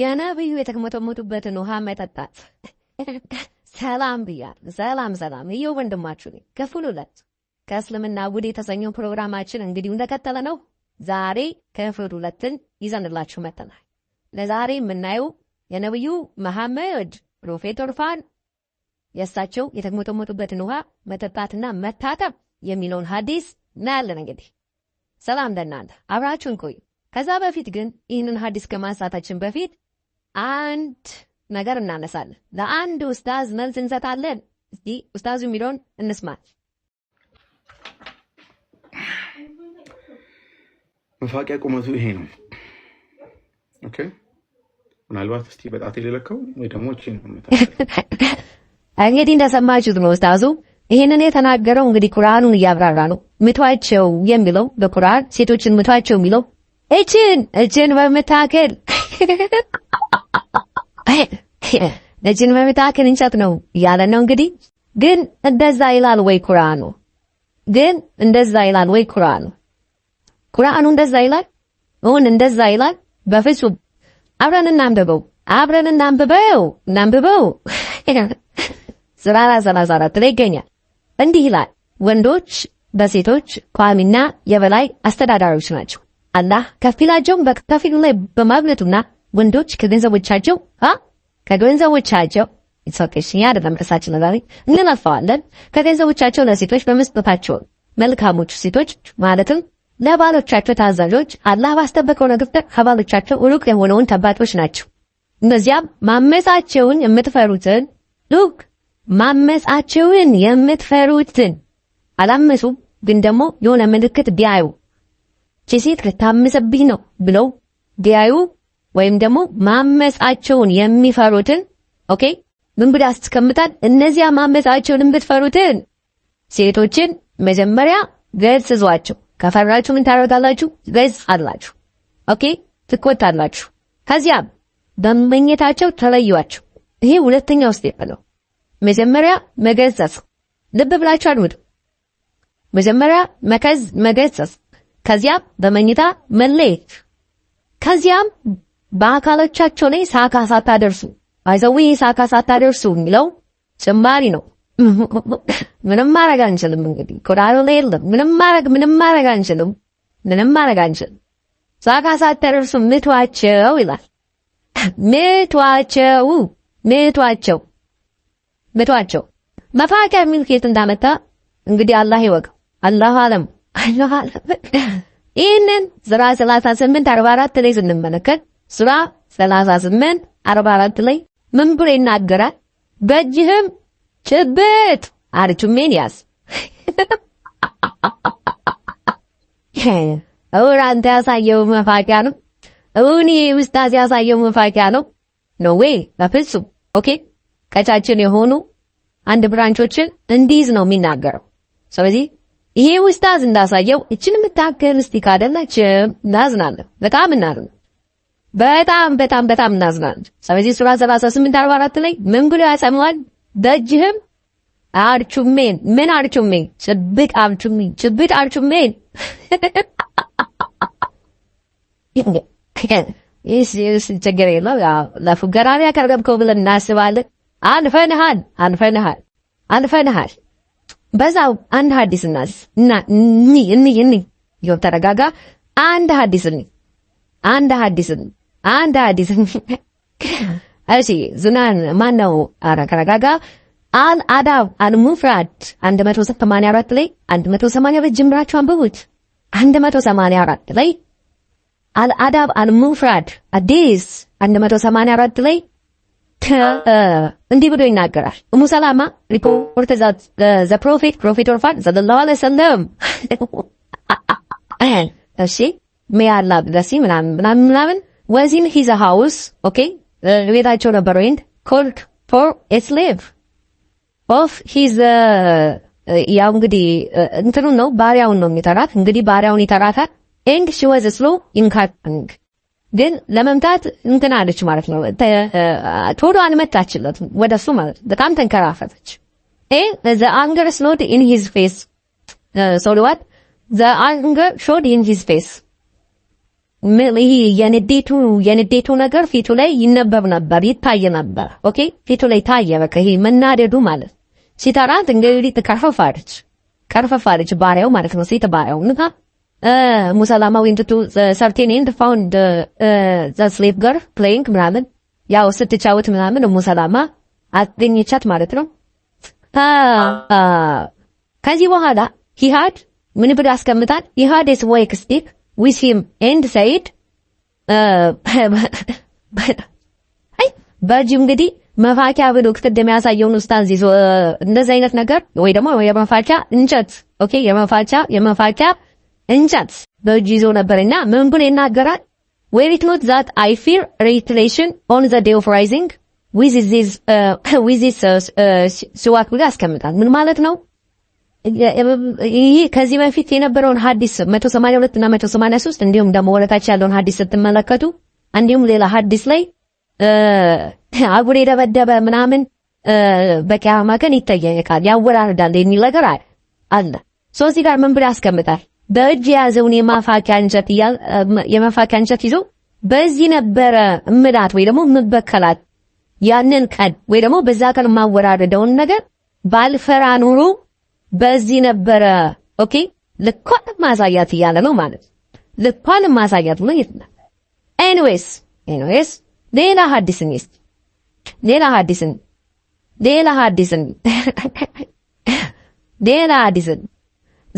የነብዩ የተመተመቱበትን ውሃ መጠጣት ሰላም ብያል። ሰላም ሰላም፣ እየው ወንድማችሁ ነኝ። ክፍል ሁለት ከእስልምና ውድ የተሰኘው ፕሮግራማችን እንግዲህ እንደቀጠለ ነው። ዛሬ ክፍል ሁለትን ይዘንላችሁ መጥተናል። ለዛሬ የምናየው የነብዩ መሐመድ ፕሮፌት ዑርፋን የእሳቸው የተመተመቱበትን ውሃ መጠጣትና መታተም የሚለውን ሀዲስ እናያለን። እንግዲህ ሰላም ለእናንተ፣ አብራችሁን ቆዩ። ከዛ በፊት ግን ይህንን ሀዲስ ከማንሳታችን በፊት አንድ ነገር እናነሳለን። ለአንድ ኡስታዝ መልስ እንሰጣለን። እስቲ ኡስታዙ የሚለውን እንስማ። መፋቂያ ቁመቱ ይሄ ነው። ኦኬ ምናልባት እስቲ በጣት የሌለከው ወይ ደግሞ እንግዲህ እንደሰማችሁት ነው ኡስታዙ ይህንን የተናገረው እንግዲህ ቁርአኑን እያብራራ ነው። ምቷቸው የሚለው በቁርአን ሴቶችን ምቷቸው የሚለው እጅን እጅን በምታክል እጅን በምታክል እንጨት ነው እያለ ነው እንግዲህ። ግን እንደዛ ይላል ወይ ቁርአኑ? ግን እንደዛ ይላል ወይ ቁርአኑ? ቁርአኑ እንደዛ ይላል? እውን እንደዛ ይላል? በፍጹም አብረን እናንብበው፣ አብረን እናንብበው፣ እናንብበው። ስራራ ሰላሳ አራት ላይ ይገኛል። እንዲህ ይላል፣ ወንዶች በሴቶች ቋሚና የበላይ አስተዳዳሪዎች ናቸው። አላህ ከፊላቸውን በከፊሉ ላይ በማብለቱና ወንዶች ከገንዘቦቻቸው ከገንዘቦቻቸው ኢትዮጵያ አይደለም ርሳችን ለዛሬ እንለፈዋለን። ከገንዘቦቻቸው ለሴቶች በመስጠታቸው መልካሞቹ ሴቶች ማለትም ለባሎቻቸው ታዛዦች፣ አላህ ባስጠበቀው ነገር ከባሎቻቸው ሩቅ የሆነውን ተባጦች ናቸው። እነዚያም ማመጻቸውን የምትፈሩትን ሉክ ማመጻቸውን የምትፈሩትን አላመሱም፣ ግን ደግሞ የሆነ ምልክት ቢያዩ እቺ ሴት ልታምጽብኝ ነው ብለው ዲያዩ ወይም ደግሞ ማመጻቸውን የሚፈሩትን ኦኬ ምን ብላ አስቀምጣል። እነዚያ ማመጻቸውን የምትፈሩትን ሴቶችን መጀመሪያ ገጽ ዟቸው። ከፈራችሁ ምን ታደርጋላችሁ? ገጽ አላችሁ። ኦኬ ትቆጣላችሁ። ከዚያም በመኝታቸው ተለዩዋቸው። ይሄ ሁለተኛው ስቴፕ ነው። መጀመሪያ መገጸጽ። ልብ ብላችሁ አድምጡ። መጀመሪያ መከዝ መገጸጽ ከዚያም በመኝታ መለየት፣ ከዚያም በአካሎቻቸው ላይ ሳካ ሳታደርሱ አይዘዊ ሳካ ሳታደርሱ የሚለው ጭማሪ ነው። ምንም ማረግ አንችልም። እንግዲህ ኮዳሩ ላይ የለም። ምንም ማረግ ምንም ማረግ አንችልም። ምንም ማረግ አንችልም። ሳካ ሳታደርሱ ምቷቸው ይላል። ምቷቸው ምቷቸው ምቷቸው መፋቂያ የሚል ከየት እንዳመጣ እንግዲህ አላህ ይወቀው። አላሁ አለም። ይህንን ሥራ 38 44 ላይ ስንመለከት ስራ 38 44 ላይ ምን ብሎ ይናገራል? በእጅህም ጭብጥ አርቹሜን ያዝ። እውር አንተ ያሳየው መፋቂያ ነው። እውን ውስጣት ያሳየው መፋቂያ ነው። ኖ ዌይ በፍጹም ኦኬ። ከቻችን የሆኑ አንድ ብራንቾችን እንዲይዝ ነው የሚናገረው። ስለዚህ ይሄ ውስታዝ እንዳሳየው እችን የምታክል እስቲ ካደላችም እናዝናለን። በጣም እናዝናለን። በጣም በጣም በጣም እናዝናለን። ስለዚህ ሱራ 78 44 ላይ ምን ብሎ ያጸመዋል? ደጅህም አርቹሜን ምን አርቹሜን? ጭብጥ አርቹሜን ጭብጥ አርቹሜን ይህ ችግር የለው ለፉገራሪያ ከረብከው ብለን እናስባለን። አንፈንሃል አንፈንሃል አንፈንሃል በዛው አንድ ሐዲስ እናስ እና ኒ ኒ ኒ ይኸው ተረጋጋ። አንድ ሐዲስ ኒ አንድ ሐዲስ አንድ ሐዲስ እሺ። ዝናን ማን ነው? ኧረ ተረጋጋ። አል አዳብ አል ሙፍራድ 184 ላይ 180 ጅምራችሁ አንብቡት። 184 ላይ አል አዳብ አል ሙፍራድ አዲስ 184 ላይ እንዲህ ብሎ ይናገራል። እሙ ሰላማ ሪፖርት ዘ ፕሮፌት ፕሮፌት ኦርፋን ሰለላሁ ዐለይሂ ወሰለም እሺ ሜያላ ብለሲ ምናምን ምናምን ምናምን ወዚን ሂዘ ሃውስ ኦኬ ቤታቸው ነበር ወይንድ ኮልድ ፎር ኤስሌቭ ኦፍ ሂዘ ያው እንግዲህ እንትኑ ነው ባሪያውን ነው የሚጠራት እንግዲህ ባሪያውን ይጠራታል። ኤንድ ሺ ወዝ ስሎ ኢንካንግ ግን ለመምታት እንትን አለች ማለት ነው። ቶሎ አልመታችለት ወደ ወደሱ ማለት በጣም ተንከራፈተች። ዘ አንገር ስኖድ ኢን ሂዝ ፌስ ሶሊዋት አንገር ሾድ ኢን ሂዝ ፌስ ይህ የንዴቱ የንዴቱ ነገር ፊቱ ላይ ይነበብ ነበር ይታይ ነበር። ኦኬ ፊቱ ላይ ታየ። በቃ ይሄ መናደዱ ማለት ሲታራት እንግዲህ ትከርፈፋለች፣ ከርፈፋለች ባሪያው ማለት ነው። ሴት ባሪያው ንታ ሙሰላማ ዊንድ ቱ ሰርቴን ኤንድ ፋውንድ ዘ ስሊፕ ገር ፕሌይንግ ምናምን ያው ስትጫወት ምናምን ሙሰላማ አገኘቻት ማለት ነው። ከዚህ በኋላ ሂሃድ ምን ብሎ ያስቀምጣል? ሂሃድ ስ ዌክ ስቲክ ዊዝ ሂም ኤንድ ሰይድ አይ በእጅ እንግዲህ መፋኪያ ብሎ ክትድ የሚያሳየውን ውስታዝ ይዞ እንደዚህ አይነት ነገር ወይ ደግሞ የመፋኪያ እንጨት ኦኬ የመፋኪያ የመፋኪያ እንጨት በእጁ ይዞ ነበርና ምን ብሎ ይናገራል? ዌር ኢት ኖት ዛት አይ ፊር ሪትሌሽን ኦን ዘ ዴይ ኦፍ ራይዚንግ ያስቀምጣል። ምን ማለት ነው? ይህ ከዚህ በፊት የነበረውን ሀዲስ 182 እና 183 እንዲሁም ደግሞ ወለታች ያለውን ሀዲስ ስትመለከቱ እንዲሁም ሌላ ሀዲስ ላይ አጉል የደበደበ ምናምን በቂያማ ቀን ይጠየቃል፣ ያወራርዳል የሚል ነገር አለ። ሶ እዚህ ጋር ምን ብሎ ያስቀምጣል? በእጅ የያዘውን የማፋቂያ እንጨት የማፋቂያ እንጨት ይዞ በዚህ ነበረ እምላት ወይ ደግሞ ምበከላት ያንን ቀን ወይ ደግሞ በዛ ቀን ማወራረደውን ነገር ባልፈራ ኑሮ በዚህ ነበረ ኦኬ ልኳን ማሳያት እያለ ነው ማለት ልኳን ማሳያት ነው ይትና ኤኒዌይስ ኤኒዌይስ ሌላ ሀዲስን ይስጥ ሌላ ሀዲስን ሌላ ሀዲስን ሌላ ሀዲስን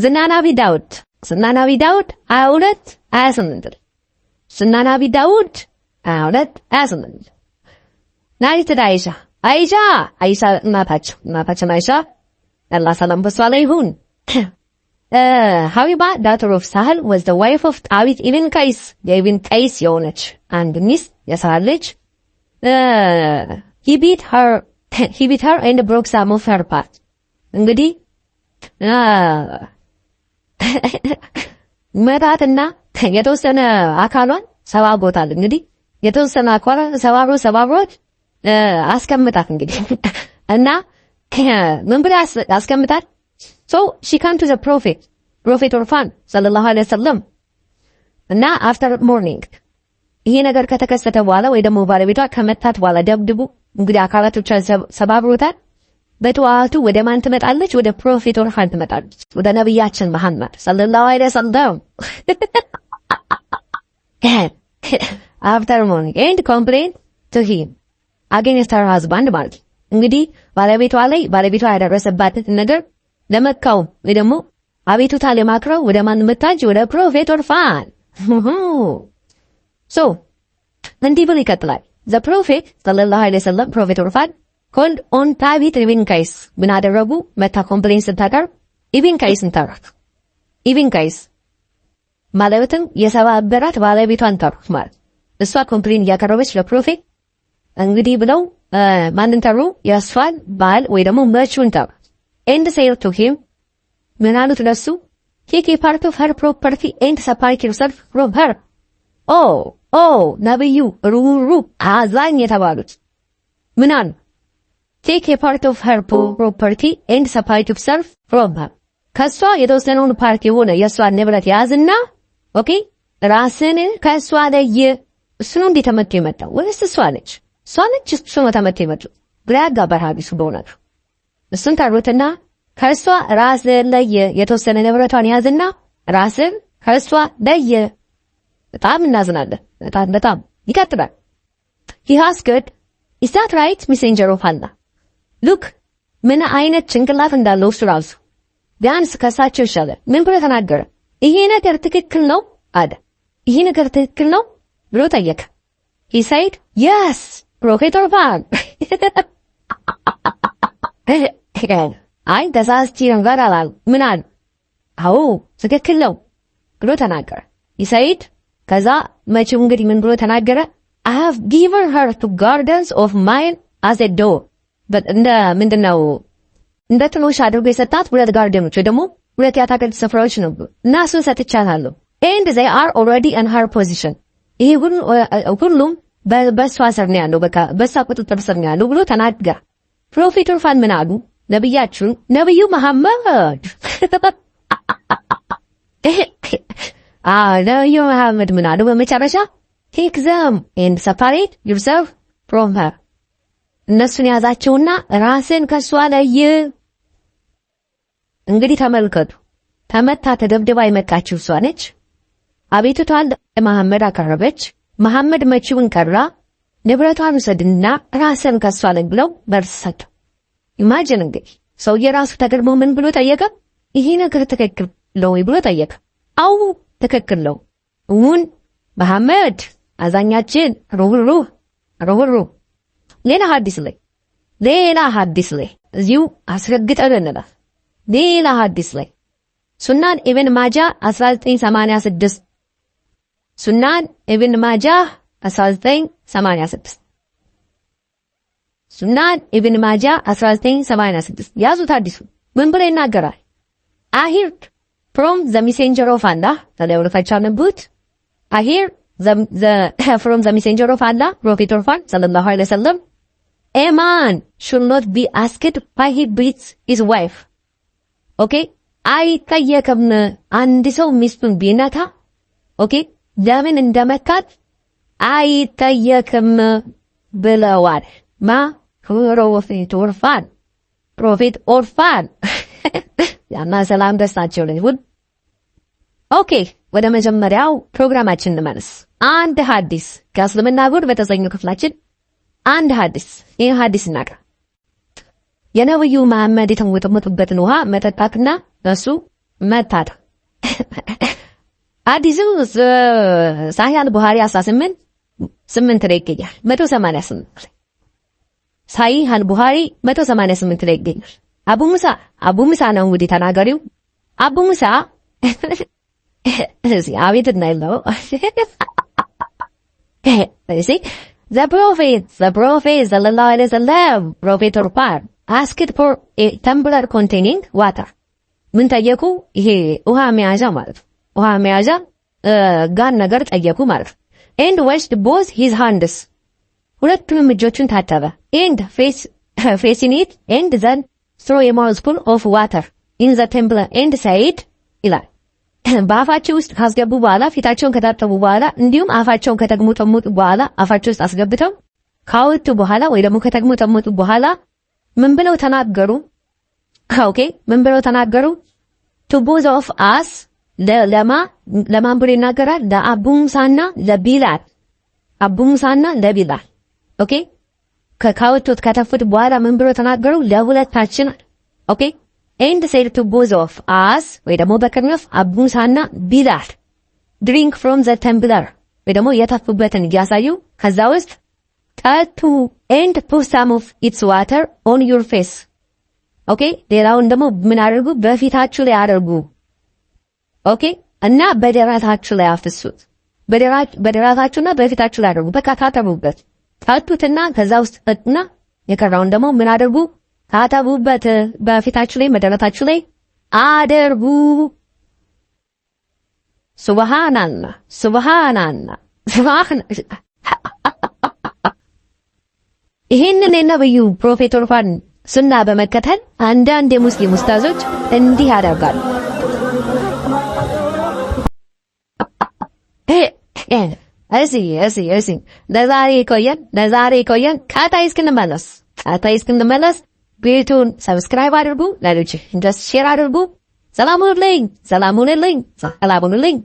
ዝናናቢ አቢ ዳውድ ስናናቢ ዳውድ 22 28 ስናናቢ ዳውድ 22 28 ናይትድ አይሻ አይሻ አይሻ እናታቸው እናታችን አይሻ አላህ ሰላም በሷ ላይ ይሁን ሀቢባ ዳተር ኦፍ ሳህል ወዝ ዘ ዋይፍ ኦፍ ጣዊት ኢብን ቀይስ የኢብን ቀይስ የሆነች አንድ ሚስት የሳህል ልጅ he beat her he beat her and broke እንግዲህ መታትና የተወሰነ አካሏን ሰባብሮታል። እንግዲህ የተወሰነ አካሏ ሰባብሮ ሰባብሮት አስቀምጣት እንግዲህ እና ምን ብላ አስቀምጣት ሶ ሺ ካም ቱ ዘ ፕሮፌት ፕሮፌት ኦርፋን ሰለላሁ ዐለይሂ ወሰለም እና አፍተር ሞርኒንግ ይሄ ነገር ከተከሰተ በኋላ ወይ ደግሞ ባለቤቷ ከመታት በኋላ ደብድቡ እንግዲህ አካላቶቿን ሰባብሮታል። በጠዋቱ ወደ ማን ትመጣለች? ወደ ፕሮፌት ኦርሃን ትመጣለች። ወደ ነቢያችን መሐመድ ሰለላሁ ዐለይሂ ወሰለም አፍተር ሞርኒንግ ኤንድ ኮምፕሌን ቱ ሂም አጌንስት ሀር ሀዝባንድ ማለት እንግዲህ ባለቤቷ ላይ ባለቤቷ ያደረሰባትን ነገር ለመቃወም ወይ ደግሞ አቤቱታ ለማቅረብ ወደ ማን መጣች? ወደ ፕሮፌት ኦርፋን ሶ እንዲህ ብል ይቀጥላል። ዘ ፕሮፌት ሰለላሁ ዐለይሂ ወሰለም ፕሮፌት ኦርፋን ኮንድ ኦንታ ቤት ኢቪን መታ ኮምፕሌን ስታቀርብ ኢቪንካይስ ካይስን ጠሯት። ኢቪን ካይስ ማለትም የሰባበራት ባለቤቷን ጠሩት ማለት እሷ ኮምፕሌን እያቀረበች ለፕሮፌ እንግዲህ ብለው ማንን ጠሩ? ባል ወይ ደግሞ መቹን ጠሯት። ኤንድ ሴር ቱ ሂም ምን አሉት ለሱ ቴክ ኤ ፓርት ፕሮፐርቲ ኤንድ ሰፓሬት ዮርሰልፍ ፍሮም ኦ ኦ ነብዩ ሩሩ አዛኝ የተባሉት ምን ቴክ የፓርት ኦፍ ሄር ፕሮፐርቲ ኤንድ ሰፓይት ኦፍ ሰርፍ ፍሮም ሄር ከእሷ የተወሰነውን ፓርት የሆነ የእሷን ንብረት ያዝና ኦኬ ራስን ከእሷ ለየ። እሱ ነው እንዴ ተመቶ የመጣው ወይስ እሷ ነች? እሷ ነች። እሱ ነው ተመቶ የመጣው። ግራ ያጋባል ሐዲሱ በእውነቱ። እሱን ታሮትና ከእሷ ራስን ለየ፣ የተወሰነ ንብረቷን ያዝና ራስን ከእሷ ለየ። በጣም እናዝናለን። በጣም በጣም ይቀጥላል። ይህ አስገድ ኢስ ዛት ራይት ሚሴንጀር ኦፍ አላህ ሉክ ምን አይነት ጭንቅላት እንዳለው እሱ ራሱ ቢያንስ ከሳቸው ይሻላል። ምን ብሎ ተናገረ? ይሄ ነገር ትክክል ነው አለ። ይሄ ነገር ትክክል ነው ብሎ ጠየቀ። ኢሳይድ የስ ፕሮፌተር ፋን አይ ተሳስቼ ነበር አላሉ። ምን አሉ? አዎ ትክክል ነው ብሎ ተናገረ ኢሳይድ። ከዛ መቼው እንግዲህ ምን ብሎ ተናገረ? I have given her two gardens of mine as a door እንደ ምንድን ነው እንደ ትንሽ አድርጎ የሰጣት ሁለት ጋርደኖች ወይ ደግሞ ሁለት የአታክልት ስፍራዎች ነው እና እሱን ሰጥቻታለሁ። ኤንድ ዘይ አር ኦልሬዲ ኢን ሀር ፖዚሽን ይሄ ሁሉም በእሷ ስር ነው ያለው፣ በቃ በእሷ ቁጥጥር ስር ነው ያለው ብሎ ተናጋ። ፕሮፌት ኦርፋን ምን አሉ? ነብያችን ነብዩ መሐመድ ነብዩ መሐመድ ምን አሉ? በመጨረሻ ቴክ ዘም ኤንድ ሰፓሬት ዩርሰልፍ ፍሮም ሀር እነሱን ያዛቸውና ራስን ከሷ ለይ። እንግዲህ ተመልከቱ፣ ተመታ ተደብድባ የመጣችው እሷ ነች። አቤቱታን ለመሐመድ አቀረበች። መሐመድ መቺውን ቀራ፣ ንብረቷን ውሰድና ራስን ከሷ ለይ ብለው በርሰቱ። ኢማጂን እንግዲህ ሰውዬ ራሱ ተገድሞ ምን ብሎ ጠየቀ? ይሄ ነገር ትክክል ነው ብሎ ጠየቀ። አው ትክክል ነው እውን መሐመድ አዛኛችን ሩህሩህ ሩህሩህ ሌላ ሀዲስ ላይ ሌላ ሀዲስ ላይ እዚሁ አስረግጠን ሌላ ሀዲስ ላይ ሱናን ኢብን ማጃ 1986 ሱናን ኢብን ማጃ 1986 ሱናን ኢብን ማጃ 1986 ያዙት። አዲሱ ምን ብሎ ይናገራል? አሂርድ ፍሮም ዘ ሜሴንጀር ኦፍ አላህ ተደውልፈቻንቡት አሂር ፍሮም ዘ ሜሴንጀር ኦፍ አላህ ፕሮፌት ኦርፋን ሰለላሁ ዐለይሂ ወሰለም A man should not be asked why he beats his wife. ኦኬ አይጠየቅም። አንድ ሰው ሚስቱን ቢነካ ኦኬ ለምን እንደመታት አይጠየቅም ብለዋል። ማ ፕሮፌት ኦርፋን ፕሮፌት ኦርፋን ያና ሰላም ደስታቸው ልኝ ውድ ኦኬ ወደ መጀመሪያው ፕሮግራማችን እንመለስ። አንድ ሐዲስ ከእስልምና ጉድ በተሰኘው ክፍላችን አንድ ሐዲስ ይህ ሐዲስ እናቀ የነብዩ መሐመድ የተሞተሙትበትን ውሃ መጠጣትና እሱ መታጠብ። ሐዲሱ ሳሂህ ቡሃሪ 18 8 ላይ ይገኛል። 188 ሳሂህ ቡሃሪ 188 ላይ ይገኛል። አቡ ሙሳ አቡ ሙሳ ነው እንግዲህ ተናገሪው አቡ ሙሳ አቤት እና ይለው እሺ The prophet, the prophet, the Lord is alive, prophet or par. Ask it for a tumbler containing water. Muntayaku, he, uha meaja malf. Uha meaja, uh, gan nagart ayaku malf. And washed both his hands. Uratum jochun tatava. And face, facing it, and then throw a mouthful of water in the tumbler, and say it, ila. በአፋቸው ውስጥ ካስገቡ በኋላ ፊታቸውን ከታጠቡ በኋላ እንዲሁም አፋቸውን ከተግሙጠሙጡ በኋላ አፋቸው ውስጥ አስገብተው ካወጡ በኋላ ወይ ደግሞ ከተግሙጠሙጡ በኋላ ምን ብለው ተናገሩ? ኦኬ ምን ብለው ተናገሩ? ቱ ቦዝ ኦፍ አስ ለማ ለማን ብሎ ይናገራል? ለአቡሙሳና ለቢላል አቡሙሳና ለቢላል። ኦኬ ከካወጡት ከተፉት በኋላ ምን ብሎ ተናገሩ? ለሁለታችን ኦኬ ኤንድ ሴድ ቱ ቦዝ ኦፍ አስ ወይ ደግሞ በቅድሚ ኦፍ አቡሳና ቢላል ድሪንክ ፍሮም ዘ ተምብለር ወይ ደግሞ የተፉበትን እያሳዩ ከዛ ውስጥ ጠጡ ኤንድ ፑት ሳም ኦፍ ኢትስ ዋተር ኦን ዩር ፌስ። ኦኬ ሌላውን ደግሞ ምን አድርጉ? በፊታችሁ ላይ አድርጉ። ኦኬ እና በደረታችሁ ላይ አፍሱት። በደረታችሁና በፊታችሁ ላይ አድርጉ። በቃ ታጠቡበት። ጠጡትና ከዛ ውስጥ ጠጡና የቀረውን ደግሞ ምን አድርጉ? ታጠቡበት፣ በፊታችሁ ላይ መደረታችሁ ላይ አደርጉ። ሱብሃናላ ሱብሃናላ ሱብሃና ይህንን የነብዩ ፕሮፌት ኦርፋን ሱና በመከተል አንዳንድ የሙስሊም ኡስታዞች እንዲህ ያደርጋሉ። እዚህ እዚህ እዚህ ለዛሬ ይቆየን፣ ለዛሬ ይቆየን። ቀጣይ እስክንመለስ ቀጣይ እስክንመለስ ቤቱን ሰብስክራይብ አድርጉ፣ ሌሎች እንደስ ሼር አድርጉ። ሰላም ሁኑልኝ፣ ሰላም ሁኑልኝ፣ ሰላም ሁኑልኝ።